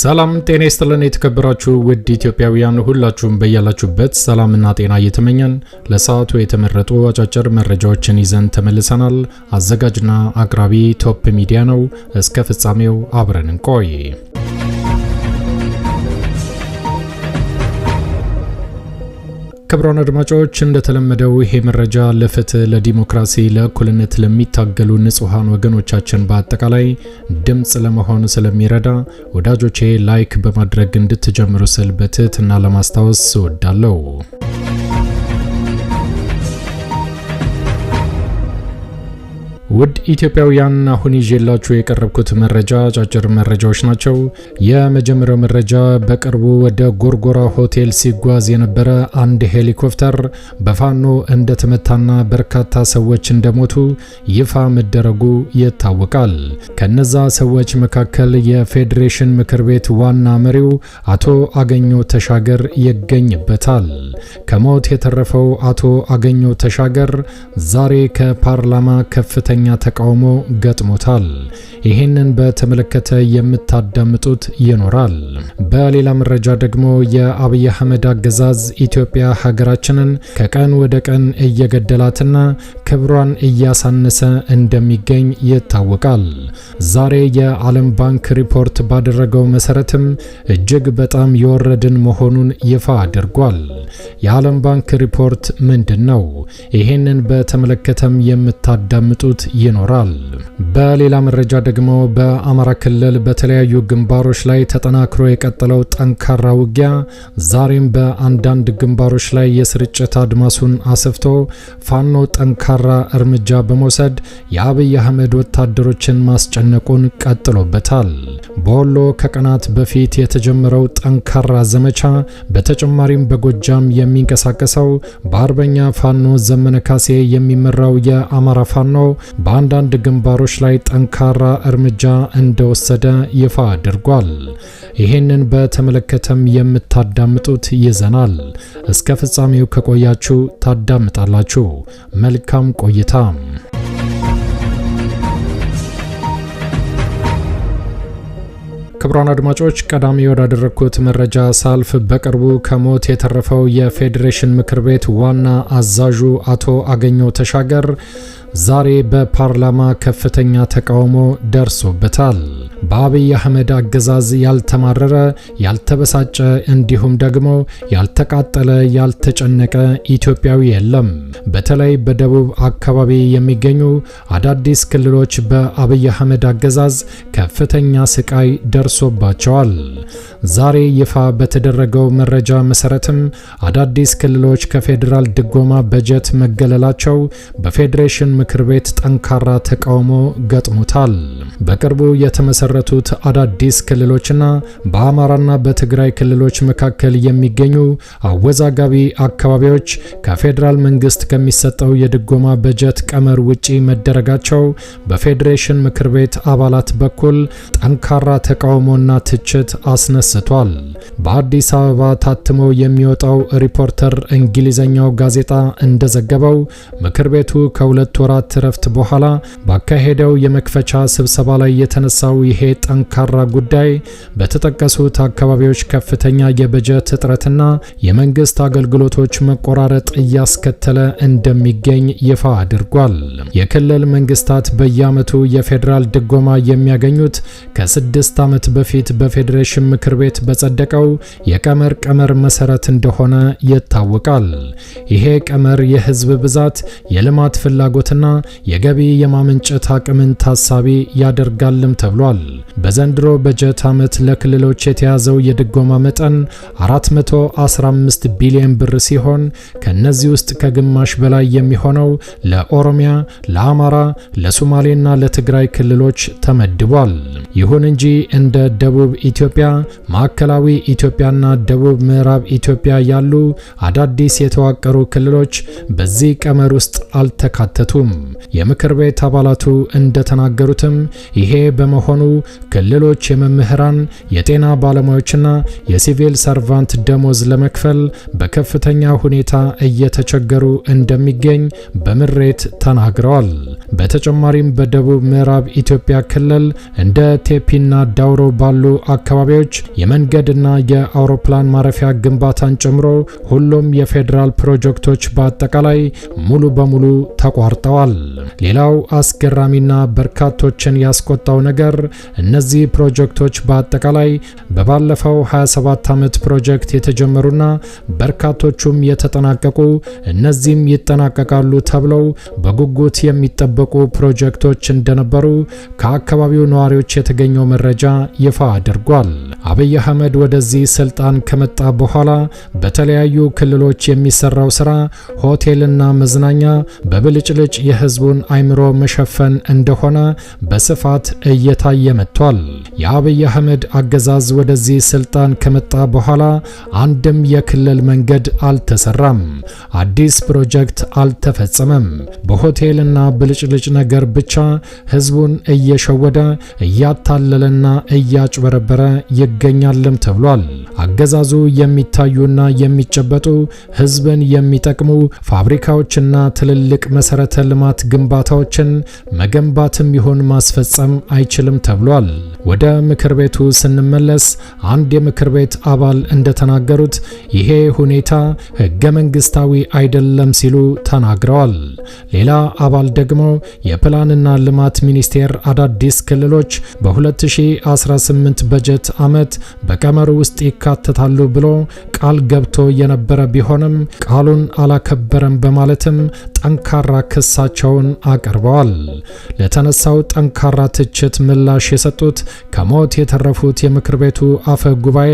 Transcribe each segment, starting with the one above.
ሰላም ጤና ይስጥልን። የተከበራችሁ ውድ ኢትዮጵያውያን ሁላችሁም በያላችሁበት ሰላምና ጤና እየተመኘን ለሰዓቱ የተመረጡ አጫጭር መረጃዎችን ይዘን ተመልሰናል። አዘጋጅና አቅራቢ ቶፕ ሚዲያ ነው። እስከ ፍጻሜው አብረን እንቆይ። ክቡራን አድማጮች እንደተለመደው ይሄ መረጃ ለፍትህ፣ ለዲሞክራሲ፣ ለእኩልነት ለሚታገሉ ንጹሐን ወገኖቻችን በአጠቃላይ ድምፅ ለመሆን ስለሚረዳ ወዳጆቼ ላይክ በማድረግ እንድትጀምሩ ስል በትህትና ለማስታወስ እወዳለሁ። ውድ ኢትዮጵያውያን አሁን ይዤላችሁ የቀረብኩት መረጃ አጫጭር መረጃዎች ናቸው። የመጀመሪያው መረጃ በቅርቡ ወደ ጎርጎራ ሆቴል ሲጓዝ የነበረ አንድ ሄሊኮፕተር በፋኖ እንደተመታና በርካታ ሰዎች እንደሞቱ ይፋ መደረጉ ይታወቃል። ከነዛ ሰዎች መካከል የፌዴሬሽን ምክር ቤት ዋና መሪው አቶ አገኘው ተሻገር ይገኝበታል። ከሞት የተረፈው አቶ አገኘው ተሻገር ዛሬ ከፓርላማ ከፍተኛ ከፍተኛ ተቃውሞ ገጥሞታል። ይህንን በተመለከተ የምታዳምጡት ይኖራል። በሌላ መረጃ ደግሞ የአብይ አህመድ አገዛዝ ኢትዮጵያ ሀገራችንን ከቀን ወደ ቀን እየገደላትና ክብሯን እያሳነሰ እንደሚገኝ ይታወቃል። ዛሬ የዓለም ባንክ ሪፖርት ባደረገው መሰረትም እጅግ በጣም የወረድን መሆኑን ይፋ አድርጓል። የዓለም ባንክ ሪፖርት ምንድን ነው? ይህንን በተመለከተም የምታዳምጡት ይኖራል። በሌላ መረጃ ደግሞ በአማራ ክልል በተለያዩ ግንባሮች ላይ ተጠናክሮ የቀጠለው ጠንካራ ውጊያ ዛሬም በአንዳንድ ግንባሮች ላይ የስርጭት አድማሱን አስፍቶ ፋኖ ጠንካራ እርምጃ በመውሰድ የአብይ አህመድ ወታደሮችን ማስጨነቁን ቀጥሎበታል። በወሎ ከቀናት በፊት የተጀመረው ጠንካራ ዘመቻ በተጨማሪም በጎጃም የሚንቀሳቀሰው በአርበኛ ፋኖ ዘመነ ካሴ የሚመራው የአማራ ፋኖ በአንዳንድ ግንባሮች ላይ ጠንካራ እርምጃ እንደወሰደ ይፋ አድርጓል። ይህንን በተመለከተም የምታዳምጡት ይዘናል። እስከ ፍጻሜው ከቆያችሁ ታዳምጣላችሁ። መልካም ቆይታ። ክቡራን አድማጮች ቀዳሚ ወዳደረግኩት መረጃ ሳልፍ በቅርቡ ከሞት የተረፈው የፌዴሬሽን ምክር ቤት ዋና አዛዡ አቶ አገኘው ተሻገር ዛሬ በፓርላማ ከፍተኛ ተቃውሞ ደርሶበታል። በአብይ አህመድ አገዛዝ ያልተማረረ ያልተበሳጨ እንዲሁም ደግሞ ያልተቃጠለ ያልተጨነቀ ኢትዮጵያዊ የለም። በተለይ በደቡብ አካባቢ የሚገኙ አዳዲስ ክልሎች በአብይ አህመድ አገዛዝ ከፍተኛ ስቃይ ደርሶባቸዋል። ዛሬ ይፋ በተደረገው መረጃ መሰረትም አዳዲስ ክልሎች ከፌዴራል ድጎማ በጀት መገለላቸው በፌዴሬሽን ምክር ቤት ጠንካራ ተቃውሞ ገጥሞታል። በቅርቡ የተመሰረቱት አዳዲስ ክልሎችና በአማራና በትግራይ ክልሎች መካከል የሚገኙ አወዛጋቢ አካባቢዎች ከፌዴራል መንግስት ከሚሰጠው የድጎማ በጀት ቀመር ውጪ መደረጋቸው በፌዴሬሽን ምክር ቤት አባላት በኩል ጠንካራ ተቃውሞና ትችት አስነስቷል። በአዲስ አበባ ታትሞ የሚወጣው ሪፖርተር እንግሊዘኛው ጋዜጣ እንደዘገበው ምክር ቤቱ ከሁለት ወራት እረፍት በኋላ ባካሄደው የመክፈቻ ስብሰባ ላይ የተነሳው ይሄ ጠንካራ ጉዳይ በተጠቀሱት አካባቢዎች ከፍተኛ የበጀት እጥረትና የመንግስት አገልግሎቶች መቆራረጥ እያስከተለ እንደሚገኝ ይፋ አድርጓል። የክልል መንግስታት በየዓመቱ የፌዴራል ድጎማ የሚያገኙት ከስድስት ዓመት በፊት በፌዴሬሽን ምክር ቤት በጸደቀው የቀመር ቀመር መሰረት እንደሆነ ይታወቃል። ይሄ ቀመር የህዝብ ብዛት፣ የልማት ፍላጎትና ማቅረብና የገቢ የማመንጨት አቅምን ታሳቢ ያደርጋልም ተብሏል። በዘንድሮ በጀት ዓመት ለክልሎች የተያዘው የድጎማ መጠን 415 ቢሊዮን ብር ሲሆን ከነዚህ ውስጥ ከግማሽ በላይ የሚሆነው ለኦሮሚያ፣ ለአማራ፣ ለሶማሌና ለትግራይ ክልሎች ተመድቧል። ይሁን እንጂ እንደ ደቡብ ኢትዮጵያ፣ ማዕከላዊ ኢትዮጵያና ደቡብ ምዕራብ ኢትዮጵያ ያሉ አዳዲስ የተዋቀሩ ክልሎች በዚህ ቀመር ውስጥ አልተካተቱም። የምክር ቤት አባላቱ እንደተናገሩትም ይሄ በመሆኑ ክልሎች የመምህራን የጤና ባለሙያዎችና የሲቪል ሰርቫንት ደሞዝ ለመክፈል በከፍተኛ ሁኔታ እየተቸገሩ እንደሚገኝ በምሬት ተናግረዋል። በተጨማሪም በደቡብ ምዕራብ ኢትዮጵያ ክልል እንደ ቴፒና ዳውሮ ባሉ አካባቢዎች የመንገድና የአውሮፕላን ማረፊያ ግንባታን ጨምሮ ሁሉም የፌዴራል ፕሮጀክቶች በአጠቃላይ ሙሉ በሙሉ ተቋርጠዋል። ሌላው አስገራሚና በርካቶችን ያስቆጣው ነገር እነዚህ ፕሮጀክቶች በአጠቃላይ በባለፈው 27 ዓመት ፕሮጀክት የተጀመሩና በርካቶቹም የተጠናቀቁ እነዚህም ይጠናቀቃሉ ተብለው በጉጉት የሚጠበቁ የሚጠበቁ ፕሮጀክቶች እንደነበሩ ከአካባቢው ነዋሪዎች የተገኘው መረጃ ይፋ አድርጓል። አብይ አህመድ ወደዚህ ስልጣን ከመጣ በኋላ በተለያዩ ክልሎች የሚሰራው ስራ ሆቴልና መዝናኛ በብልጭልጭ የህዝቡን አይምሮ መሸፈን እንደሆነ በስፋት እየታየ መጥቷል። የአብይ አህመድ አገዛዝ ወደዚህ ስልጣን ከመጣ በኋላ አንድም የክልል መንገድ አልተሰራም፣ አዲስ ፕሮጀክት አልተፈጸመም። በሆቴልና ብልጭ ልጅ ነገር ብቻ ህዝቡን እየሸወደ እያታለለና እያጭበረበረ ይገኛልም ተብሏል። አገዛዙ የሚታዩና የሚጨበጡ ህዝብን የሚጠቅሙ ፋብሪካዎችና ትልልቅ መሰረተ ልማት ግንባታዎችን መገንባትም ይሁን ማስፈጸም አይችልም ተብሏል። ወደ ምክር ቤቱ ስንመለስ አንድ የምክር ቤት አባል እንደተናገሩት ይሄ ሁኔታ ህገ መንግስታዊ አይደለም ሲሉ ተናግረዋል። ሌላ አባል ደግሞ የፕላንና ልማት ሚኒስቴር አዳዲስ ክልሎች በ2018 በጀት ዓመት በቀመሩ ውስጥ ይካተታሉ ብሎ ቃል ገብቶ የነበረ ቢሆንም ቃሉን አላከበረም በማለትም ጠንካራ ክሳቸውን አቅርበዋል። ለተነሳው ጠንካራ ትችት ምላሽ የሰጡት ከሞት የተረፉት የምክር ቤቱ አፈ ጉባኤ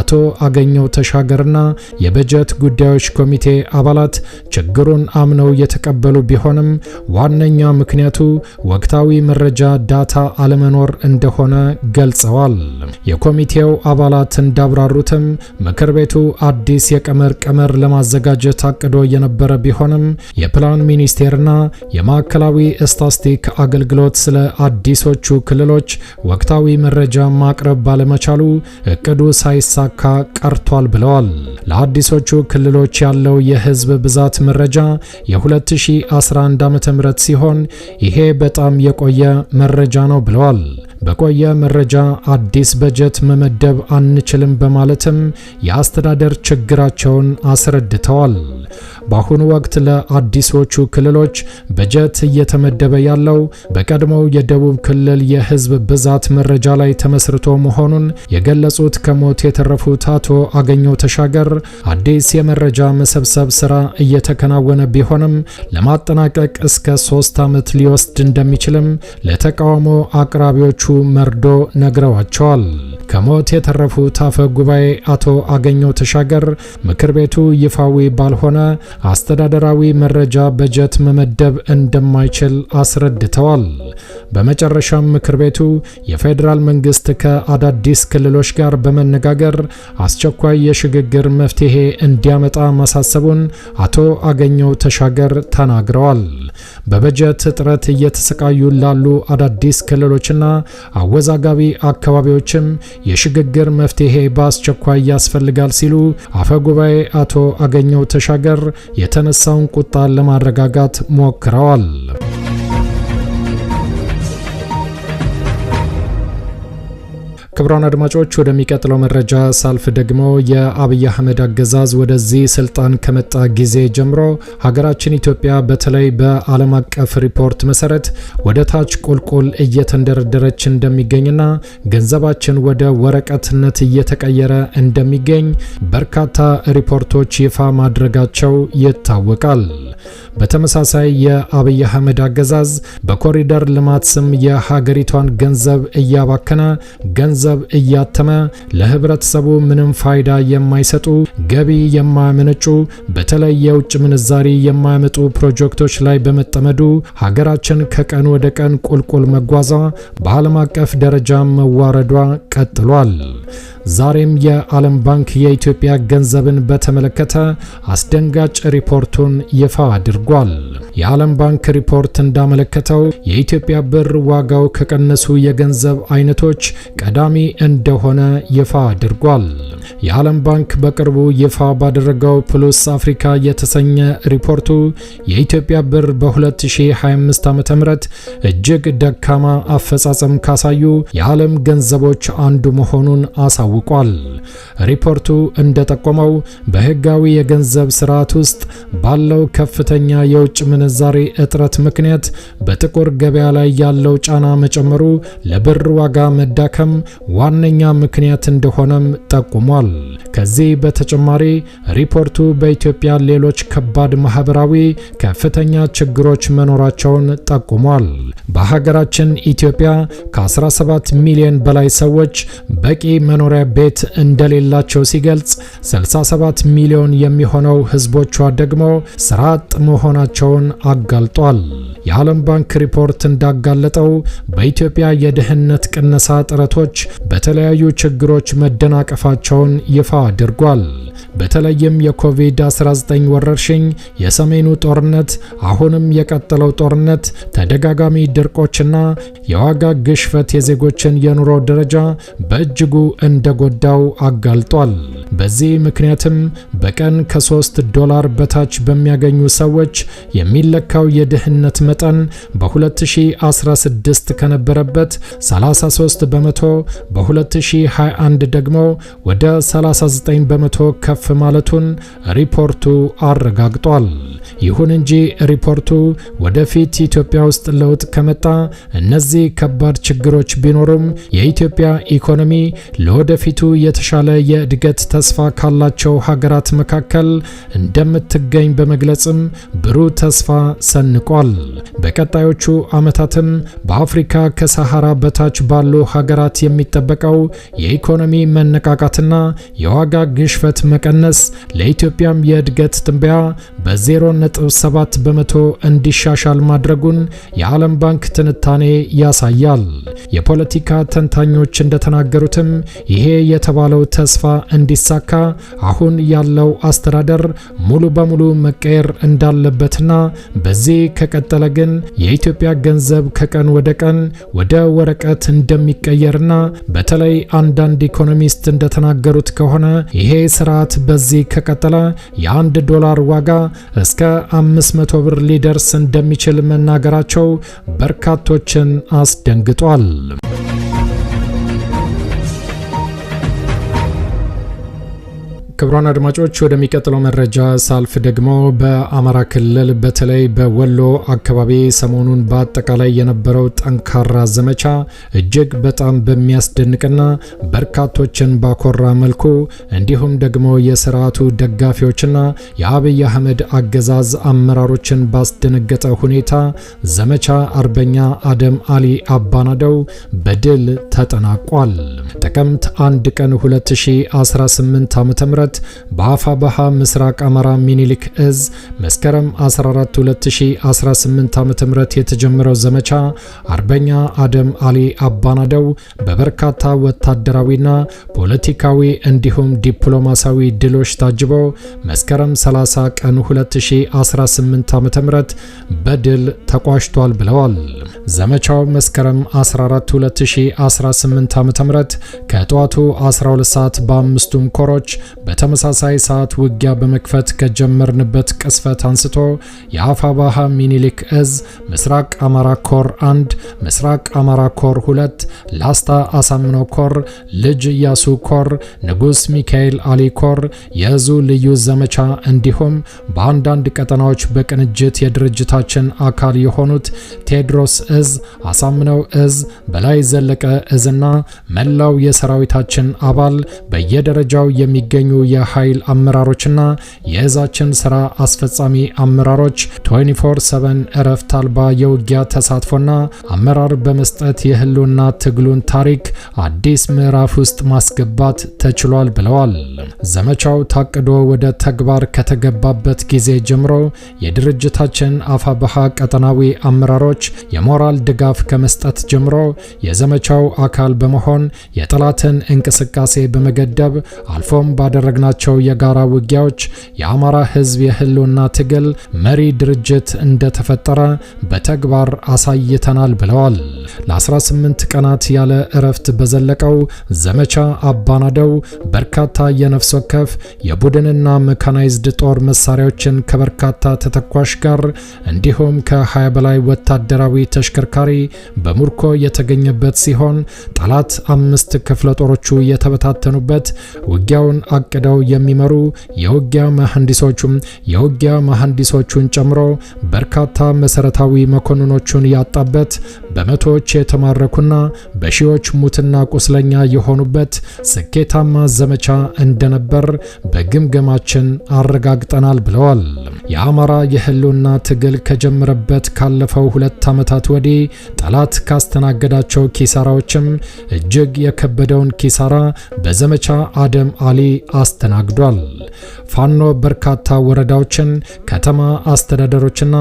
አቶ አገኘው ተሻገርና የበጀት ጉዳዮች ኮሚቴ አባላት ችግሩን አምነው የተቀበሉ ቢሆንም ዋነኛ ምክንያቱ ወቅታዊ መረጃ ዳታ አለመኖር እንደሆነ ገልጸዋል። የኮሚቴው አባላት እንዳብራሩትም ምክር ቤቱ አዲስ የቀመር ቀመር ለማዘጋጀት አቅዶ የነበረ ቢሆንም የፕላን ሚኒስቴርና የማዕከላዊ ስታስቲክ አገልግሎት ስለ አዲሶቹ ክልሎች ወቅታዊ መረጃ ማቅረብ ባለመቻሉ እቅዱ ሳይሳካ ቀርቷል ብለዋል። ለአዲሶቹ ክልሎች ያለው የህዝብ ብዛት መረጃ የ2011 ዓ.ም ሲሆን ይሄ በጣም የቆየ መረጃ ነው ብለዋል። በቆየ መረጃ አዲስ በጀት መመደብ አንችልም በማለትም የአስተዳደር ችግራቸውን አስረድተዋል። በአሁኑ ወቅት ለአዲሶቹ ክልሎች በጀት እየተመደበ ያለው በቀድሞው የደቡብ ክልል የህዝብ ብዛት መረጃ ላይ ተመስርቶ መሆኑን የገለጹት ከሞት የተረፉት አቶ አገኘው ተሻገር አዲስ የመረጃ መሰብሰብ ስራ እየተከናወነ ቢሆንም ለማጠናቀቅ እስከ ሶስት ዓመት ሊወስድ እንደሚችልም ለተቃውሞ አቅራቢዎቹ መርዶ ነግረዋቸዋል። ከሞት የተረፉት አፈ ጉባኤ አቶ አገኘው ተሻገር ምክር ቤቱ ይፋዊ ባልሆነ አስተዳደራዊ መረጃ በጀት መመደብ እንደማይችል አስረድተዋል። በመጨረሻም ምክር ቤቱ የፌዴራል መንግስት ከአዳዲስ ክልሎች ጋር በመነጋገር አስቸኳይ የሽግግር መፍትሄ እንዲያመጣ ማሳሰቡን አቶ አገኘው ተሻገር ተናግረዋል። በበጀት እጥረት እየተሰቃዩ ላሉ አዳዲስ ክልሎችና አወዛጋቢ አካባቢዎችም የሽግግር መፍትሄ በአስቸኳይ ያስፈልጋል ሲሉ አፈ ጉባኤ አቶ አገኘው ተሻገር የተነሳውን ቁጣ ለማረጋጋት ሞክረዋል። ክቡራን አድማጮች ወደሚቀጥለው መረጃ ሳልፍ ደግሞ የአብይ አህመድ አገዛዝ ወደዚህ ስልጣን ከመጣ ጊዜ ጀምሮ ሀገራችን ኢትዮጵያ በተለይ በዓለም አቀፍ ሪፖርት መሰረት ወደ ታች ቁልቁል እየተንደረደረች እንደሚገኝና ገንዘባችን ወደ ወረቀትነት እየተቀየረ እንደሚገኝ በርካታ ሪፖርቶች ይፋ ማድረጋቸው ይታወቃል። በተመሳሳይ የአብይ አህመድ አገዛዝ በኮሪደር ልማት ስም የሀገሪቷን ገንዘብ እያባከነ ገንዘብ እያተመ ለህብረተሰቡ ምንም ፋይዳ የማይሰጡ ገቢ የማያመነጩ በተለይ የውጭ ምንዛሪ የማያመጡ ፕሮጀክቶች ላይ በመጠመዱ ሀገራችን ከቀን ወደ ቀን ቁልቁል መጓዟ በዓለም አቀፍ ደረጃ መዋረዷ ቀጥሏል። ዛሬም የዓለም ባንክ የኢትዮጵያ ገንዘብን በተመለከተ አስደንጋጭ ሪፖርቱን ይፋ አድርጓል። የዓለም ባንክ ሪፖርት እንዳመለከተው የኢትዮጵያ ብር ዋጋው ከቀነሱ የገንዘብ አይነቶች ቀዳሚ እንደሆነ ይፋ አድርጓል። የዓለም ባንክ በቅርቡ ይፋ ባደረገው ፕሉስ አፍሪካ የተሰኘ ሪፖርቱ የኢትዮጵያ ብር በ2025 ዓ.ም እጅግ ደካማ አፈጻጸም ካሳዩ የዓለም ገንዘቦች አንዱ መሆኑን አሳ። አስታውቋል። ሪፖርቱ እንደጠቆመው በህጋዊ የገንዘብ ስርዓት ውስጥ ባለው ከፍተኛ የውጭ ምንዛሬ እጥረት ምክንያት በጥቁር ገበያ ላይ ያለው ጫና መጨመሩ ለብር ዋጋ መዳከም ዋነኛ ምክንያት እንደሆነም ጠቁሟል። ከዚህ በተጨማሪ ሪፖርቱ በኢትዮጵያ ሌሎች ከባድ ማህበራዊ ከፍተኛ ችግሮች መኖራቸውን ጠቁሟል። በሀገራችን ኢትዮጵያ ከ17 ሚሊዮን በላይ ሰዎች በቂ መኖሪያ ቤት እንደሌላቸው ሲገልጽ 67 ሚሊዮን የሚሆነው ህዝቦቿ ደግሞ ስራ አጥ መሆናቸውን አጋልጧል። የዓለም ባንክ ሪፖርት እንዳጋለጠው በኢትዮጵያ የድህነት ቅነሳ ጥረቶች በተለያዩ ችግሮች መደናቀፋቸውን ይፋ አድርጓል። በተለይም የኮቪድ-19 ወረርሽኝ፣ የሰሜኑ ጦርነት፣ አሁንም የቀጠለው ጦርነት፣ ተደጋጋሚ ድርቆችና የዋጋ ግሽፈት የዜጎችን የኑሮ ደረጃ በእጅጉ እንደ እንደጎዳው አጋልጧል። በዚህ ምክንያትም በቀን ከ3 ዶላር በታች በሚያገኙ ሰዎች የሚለካው የድህነት መጠን በ2016 ከነበረበት 33 በመቶ በ2021 ደግሞ ወደ 39 በመቶ ከፍ ማለቱን ሪፖርቱ አረጋግጧል። ይሁን እንጂ ሪፖርቱ ወደፊት ኢትዮጵያ ውስጥ ለውጥ ከመጣ እነዚህ ከባድ ችግሮች ቢኖሩም የኢትዮጵያ ኢኮኖሚ ለወደፊ ለወደፊቱ የተሻለ የእድገት ተስፋ ካላቸው ሀገራት መካከል እንደምትገኝ በመግለጽም ብሩህ ተስፋ ሰንቋል። በቀጣዮቹ ዓመታትም በአፍሪካ ከሰሃራ በታች ባሉ ሀገራት የሚጠበቀው የኢኮኖሚ መነቃቃትና የዋጋ ግሽፈት መቀነስ ለኢትዮጵያም የእድገት ትንበያ በ0.7 በመቶ እንዲሻሻል ማድረጉን የዓለም ባንክ ትንታኔ ያሳያል። የፖለቲካ ተንታኞች እንደተናገሩትም ይ ይሄ የተባለው ተስፋ እንዲሳካ አሁን ያለው አስተዳደር ሙሉ በሙሉ መቀየር እንዳለበትና በዚህ ከቀጠለ ግን የኢትዮጵያ ገንዘብ ከቀን ወደ ቀን ወደ ወረቀት እንደሚቀየርና በተለይ አንዳንድ ኢኮኖሚስት እንደተናገሩት ከሆነ ይሄ ስርዓት በዚህ ከቀጠለ የአንድ ዶላር ዋጋ እስከ 500 ብር ሊደርስ እንደሚችል መናገራቸው በርካቶችን አስደንግጧል። ክቡራን አድማጮች ወደሚቀጥለው መረጃ ሳልፍ ደግሞ በአማራ ክልል በተለይ በወሎ አካባቢ ሰሞኑን በአጠቃላይ የነበረው ጠንካራ ዘመቻ እጅግ በጣም በሚያስደንቅና በርካቶችን ባኮራ መልኩ እንዲሁም ደግሞ የስርዓቱ ደጋፊዎችና የአብይ አህመድ አገዛዝ አመራሮችን ባስደነገጠ ሁኔታ ዘመቻ አርበኛ አደም አሊ አባናደው በድል ተጠናቋል። ጥቅምት 1 ቀን 2018 ዓ.ም በአፋበሃ ምስራቅ አማራ ሚኒሊክ እዝ መስከረም 14 2018 ዓ.ም የተጀመረው ዘመቻ አርበኛ አደም አሊ አባናደው በበርካታ ወታደራዊና ፖለቲካዊ እንዲሁም ዲፕሎማሲያዊ ድሎች ታጅቦ መስከረም 30 ቀን 2018 ዓ.ም በድል ተቋጭቷል ብለዋል። ዘመቻው መስከረም 14 2018 ዓ.ም ከጠዋቱ 12 ሰዓት በአምስቱም ኮሮች በተመሳሳይ ሰዓት ውጊያ በመክፈት ከጀመርንበት ቅስፈት አንስቶ የአፋባሃ ሚኒሊክ እዝ ምስራቅ አማራ ኮር 1 ምስራቅ አማራ ኮር 2፣ ላስታ አሳምነው ኮር፣ ልጅ ኢያሱ ኮር፣ ንጉስ ሚካኤል አሊ ኮር የእዙ ልዩ ዘመቻ እንዲሁም በአንዳንድ ቀጠናዎች በቅንጅት የድርጅታችን አካል የሆኑት ቴዎድሮስ እዝ፣ አሳምነው እዝ፣ በላይ ዘለቀ እዝና መላው የሰራዊታችን አባል በየደረጃው የሚገኙ የኃይል አመራሮችና የእዛችን ስራ አስፈጻሚ አመራሮች 24/7 እረፍት አልባ የውጊያ ተሳትፎና አመራር በመስጠት የህልውና ትግሉን ታሪክ አዲስ ምዕራፍ ውስጥ ማስገባት ተችሏል ብለዋል። ዘመቻው ታቅዶ ወደ ተግባር ከተገባበት ጊዜ ጀምሮ የድርጅታችን አፋበሃ ቀጠናዊ አመራሮች የሞራል ድጋፍ ከመስጠት ጀምሮ የዘመቻው አካል በመሆን የጠላትን እንቅስቃሴ በመገደብ አልፎም ባደረገ ባደረግናቸው የጋራ ውጊያዎች የአማራ ሕዝብ የህልውና ትግል መሪ ድርጅት እንደተፈጠረ በተግባር አሳይተናል ብለዋል። ለ18 ቀናት ያለ እረፍት በዘለቀው ዘመቻ አባናደው በርካታ የነፍስ ወከፍ የቡድንና መካናይዝድ ጦር መሳሪያዎችን ከበርካታ ተተኳሽ ጋር እንዲሁም ከ20 በላይ ወታደራዊ ተሽከርካሪ በሙርኮ የተገኘበት ሲሆን ጠላት አምስት ክፍለ ጦሮቹ የተበታተኑበት ውጊያውን አቅደ ወረዳው የሚመሩ የውጊያ መሐንዲሶቹም የውጊያ መሐንዲሶቹን ጨምሮ በርካታ መሰረታዊ መኮንኖቹን ያጣበት በመቶዎች የተማረኩና በሺዎች ሙትና ቁስለኛ የሆኑበት ስኬታማ ዘመቻ እንደነበር በግምገማችን አረጋግጠናል ብለዋል። የአማራ የህልውና ትግል ከጀመረበት ካለፈው ሁለት ዓመታት ወዲህ ጠላት ካስተናገዳቸው ኪሳራዎችም እጅግ የከበደውን ኪሳራ በዘመቻ አደም አሊ አስ አስተናግዷል። ፋኖ በርካታ ወረዳዎችን፣ ከተማ አስተዳደሮችና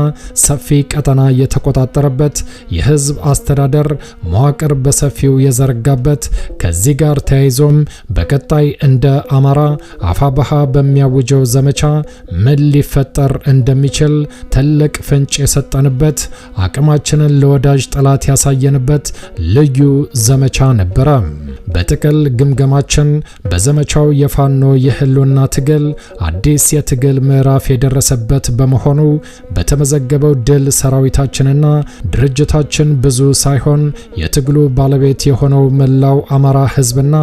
ሰፊ ቀጠና የተቆጣጠረበት የህዝብ አስተዳደር መዋቅር በሰፊው የዘረጋበት ከዚህ ጋር ተያይዞም በቀጣይ እንደ አማራ አፋበሃ በሚያውጀው ዘመቻ ምን ሊፈጠር እንደሚችል ትልቅ ፍንጭ የሰጠንበት አቅማችንን ለወዳጅ ጠላት ያሳየንበት ልዩ ዘመቻ ነበረ። በጥቅል ግምገማችን በዘመቻው የፋኖ የህልውና ትግል አዲስ የትግል ምዕራፍ የደረሰበት በመሆኑ በተመዘገበው ድል ሰራዊታችንና ድርጅታችን ብዙ ሳይሆን የትግሉ ባለቤት የሆነው መላው አማራ ህዝብና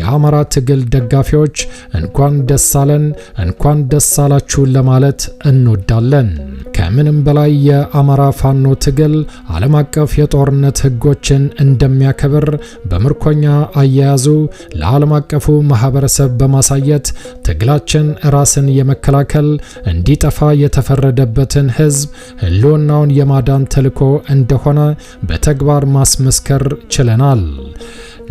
የአማራ ትግል ደጋፊዎች እንኳን ደስ አለን፣ እንኳን ደስ አላችሁ ለማለት እንወዳለን። ከምንም በላይ የአማራ ፋኖ ትግል ዓለም አቀፍ የጦርነት ህጎችን እንደሚያከብር በምርኮኛ አያያዙ ለዓለም አቀፉ ማህበረሰብ በማሳየት ትግላችን ራስን የመከላከል እንዲጠፋ የተፈረደበትን ህዝብ ህልውናውን የማዳን ተልዕኮ እንደሆነ በተግባር ማስመስከር ችለናል።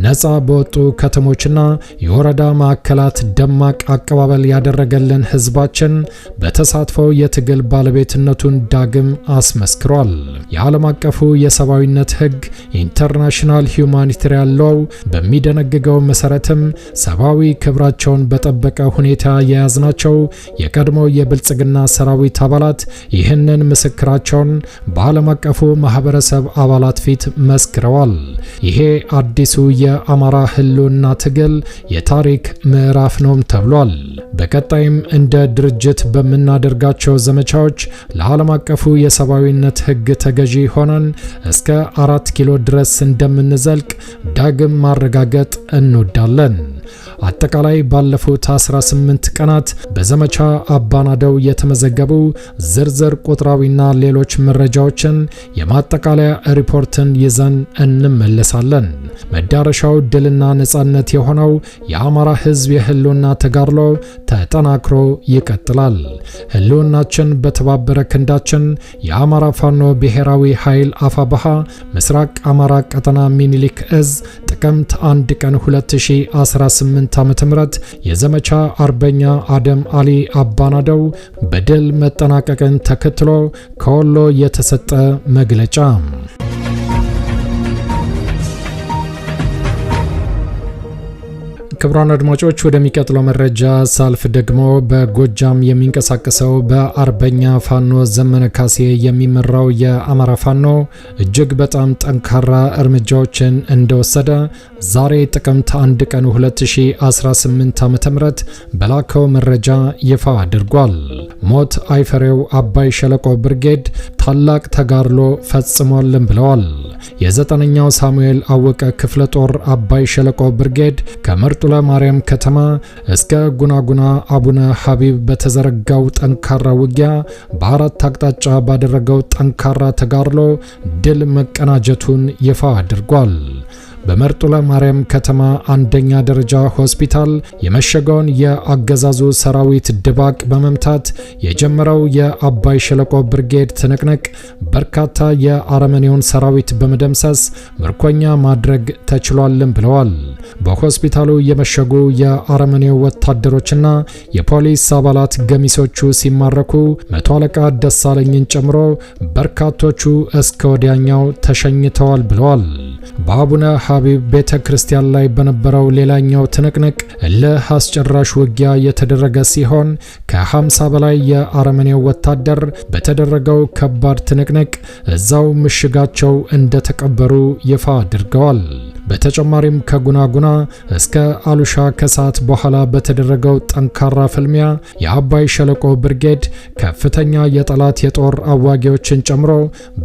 ነፃ በወጡ ከተሞችና የወረዳ ማዕከላት ደማቅ አቀባበል ያደረገልን ህዝባችን በተሳትፈው የትግል ባለቤትነቱን ዳግም አስመስክሯል። የዓለም አቀፉ የሰብአዊነት ህግ ኢንተርናሽናል ሂዩማኒታሪያን ሎው በሚደነግገው መሰረትም ሰብአዊ ክብራቸውን በጠበቀ ሁኔታ የያዝናቸው የቀድሞ የብልጽግና ሰራዊት አባላት ይህንን ምስክራቸውን በዓለም አቀፉ ማህበረሰብ አባላት ፊት መስክረዋል። ይሄ አዲሱ የአማራ ህልውና ትግል የታሪክ ምዕራፍ ነውም ተብሏል። በቀጣይም እንደ ድርጅት በምናደርጋቸው ዘመቻዎች ለዓለም አቀፉ የሰብአዊነት ህግ ተገዢ ሆነን እስከ አራት ኪሎ ድረስ እንደምንዘልቅ ዳግም ማረጋገጥ እንወዳለን። አጠቃላይ ባለፉት 18 ቀናት በዘመቻ አባናደው የተመዘገቡ ዝርዝር ቁጥራዊና ሌሎች መረጃዎችን የማጠቃለያ ሪፖርትን ይዘን እንመለሳለን። መዳረሻው ድልና ነጻነት የሆነው የአማራ ሕዝብ የህልውና ተጋድሎ ተጠናክሮ ይቀጥላል። ህልውናችን በተባበረ ክንዳችን። የአማራ ፋኖ ብሔራዊ ኃይል አፋባሃ ምስራቅ አማራ ቀጠና ሚኒሊክ እዝ ጥቅምት 1 ቀን 2018 18 ዓ.ም የዘመቻ አርበኛ አደም አሊ አባናደው በድል መጠናቀቅን ተከትሎ ከወሎ የተሰጠ መግለጫ ክቡራን አድማጮች ወደሚቀጥለው መረጃ ሳልፍ ደግሞ በጎጃም የሚንቀሳቀሰው በአርበኛ ፋኖ ዘመነ ካሴ የሚመራው የአማራ ፋኖ እጅግ በጣም ጠንካራ እርምጃዎችን እንደወሰደ ዛሬ ጥቅምት 1 ቀን 2018 ዓ.ም በላከው መረጃ ይፋ አድርጓል። ሞት አይፈሬው አባይ ሸለቆ ብርጌድ ታላቅ ተጋድሎ ፈጽሟልን ብለዋል። የዘጠነኛው ሳሙኤል አወቀ ክፍለ ጦር አባይ ሸለቆ ብርጌድ ከመርጡለ ማርያም ከተማ እስከ ጉናጉና አቡነ ሀቢብ በተዘረጋው ጠንካራ ውጊያ በአራት አቅጣጫ ባደረገው ጠንካራ ተጋድሎ ድል መቀናጀቱን ይፋ አድርጓል። በመርጡለ ማርያም ከተማ አንደኛ ደረጃ ሆስፒታል የመሸገውን የአገዛዙ ሰራዊት ድባቅ በመምታት የጀመረው የአባይ ሸለቆ ብርጌድ ትንቅንቅ በርካታ የአረመኔውን ሰራዊት በመደምሰስ ምርኮኛ ማድረግ ተችሏልም ብለዋል። በሆስፒታሉ የመሸጉ የአረመኔው ወታደሮችና የፖሊስ አባላት ገሚሶቹ ሲማረኩ መቶ አለቃ ደሳለኝን ጨምሮ በርካቶቹ እስከ ወዲያኛው ተሸኝተዋል ብለዋል። በአቡነ አካባቢ ቤተ ክርስቲያን ላይ በነበረው ሌላኛው ትንቅንቅ እልህ አስጨራሽ ውጊያ የተደረገ ሲሆን ከ50 በላይ የአረመኔው ወታደር በተደረገው ከባድ ትንቅንቅ እዛው ምሽጋቸው እንደተቀበሩ ይፋ አድርገዋል። በተጨማሪም ከጉናጉና እስከ አሉሻ ከሰዓት በኋላ በተደረገው ጠንካራ ፍልሚያ የአባይ ሸለቆ ብርጌድ ከፍተኛ የጠላት የጦር አዋጊዎችን ጨምሮ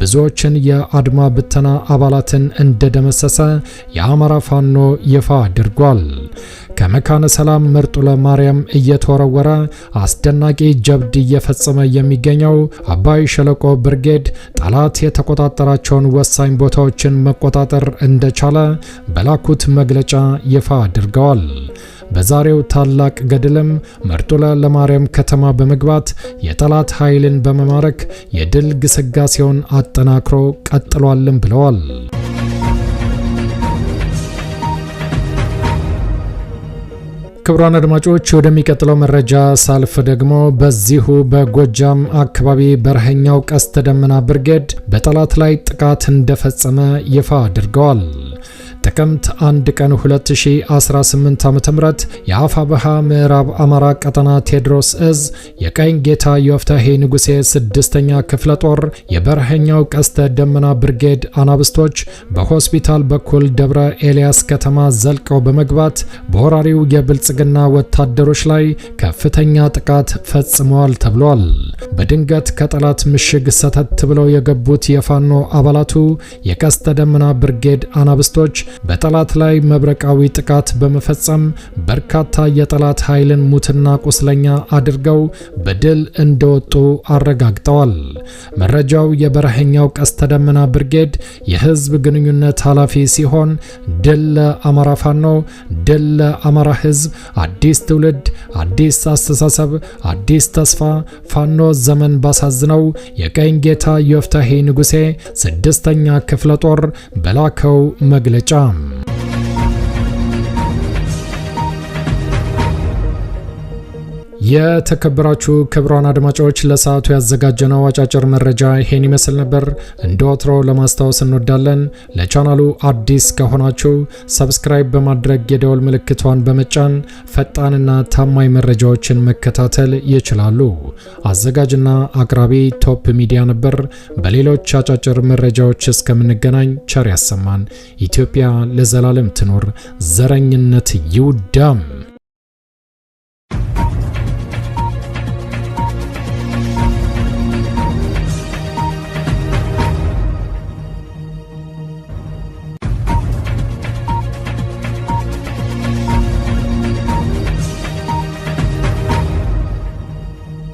ብዙዎችን የአድማ ብተና አባላትን እንደደመሰሰ የአማራ ፋኖ ይፋ አድርጓል። ከመካነ ሰላም ምርጡ ለማርያም እየተወረወረ አስደናቂ ጀብድ እየፈጸመ የሚገኘው አባይ ሸለቆ ብርጌድ ጠላት የተቆጣጠራቸውን ወሳኝ ቦታዎችን መቆጣጠር እንደቻለ በላኩት መግለጫ ይፋ አድርገዋል። በዛሬው ታላቅ ገድልም መርጡለ ለማርያም ከተማ በመግባት የጠላት ኃይልን በመማረክ የድል ግስጋሴውን አጠናክሮ ቀጥሏልም ብለዋል። ክቡራን አድማጮች ወደሚቀጥለው መረጃ ሳልፍ ደግሞ በዚሁ በጎጃም አካባቢ በረሀኛው ቀስተ ደመና ብርጌድ በጠላት ላይ ጥቃት እንደፈጸመ ይፋ አድርገዋል። ጥቅምት 1 ቀን 2018 ዓ.ም በሃ ምዕራብ አማራ ቀጠና ቴዎድሮስ እዝ የቀኝ ጌታ ዮፍታሄ ንጉሴ ስድስተኛ ክፍለ ጦር የበረሀኛው ቀስተ ደመና ብርጌድ አናብስቶች በሆስፒታል በኩል ደብረ ኤልያስ ከተማ ዘልቀው በመግባት በወራሪው የብልጽግና ወታደሮች ላይ ከፍተኛ ጥቃት ፈጽመዋል ተብሏል። በድንገት ከጠላት ምሽግ ሰተት ብለው የገቡት የፋኖ አባላቱ የቀስተ ደመና ብርጌድ አናብስቶች በጠላት ላይ መብረቃዊ ጥቃት በመፈጸም በርካታ የጠላት ኃይልን ሙትና ቁስለኛ አድርገው በድል እንደወጡ አረጋግጠዋል። መረጃው የበረሀኛው ቀስተ ደመና ብርጌድ የህዝብ ግንኙነት ኃላፊ ሲሆን ድል ለአማራ ፋኖ፣ ድል ለአማራ ህዝብ፣ አዲስ ትውልድ፣ አዲስ አስተሳሰብ፣ አዲስ ተስፋ። ፋኖ ዘመን ባሳዝነው የቀኝ ጌታ ዮፍታሄ ንጉሴ ስድስተኛ ክፍለ ጦር በላከው መግለጫ www.thebrainfarm.com. የተከበራችሁ ክብሯን አድማጮች ለሰዓቱ ያዘጋጀነው አጫጭር መረጃ ይሄን ይመስል ነበር። እንደ ወትሮ ለማስታወስ እንወዳለን ለቻናሉ አዲስ ከሆናችሁ ሰብስክራይብ በማድረግ የደወል ምልክቷን በመጫን ፈጣንና ታማኝ መረጃዎችን መከታተል ይችላሉ። አዘጋጅና አቅራቢ ቶፕ ሚዲያ ነበር። በሌሎች አጫጭር መረጃዎች እስከምንገናኝ ቸር ያሰማን። ኢትዮጵያ ለዘላለም ትኖር። ዘረኝነት ይውዳም።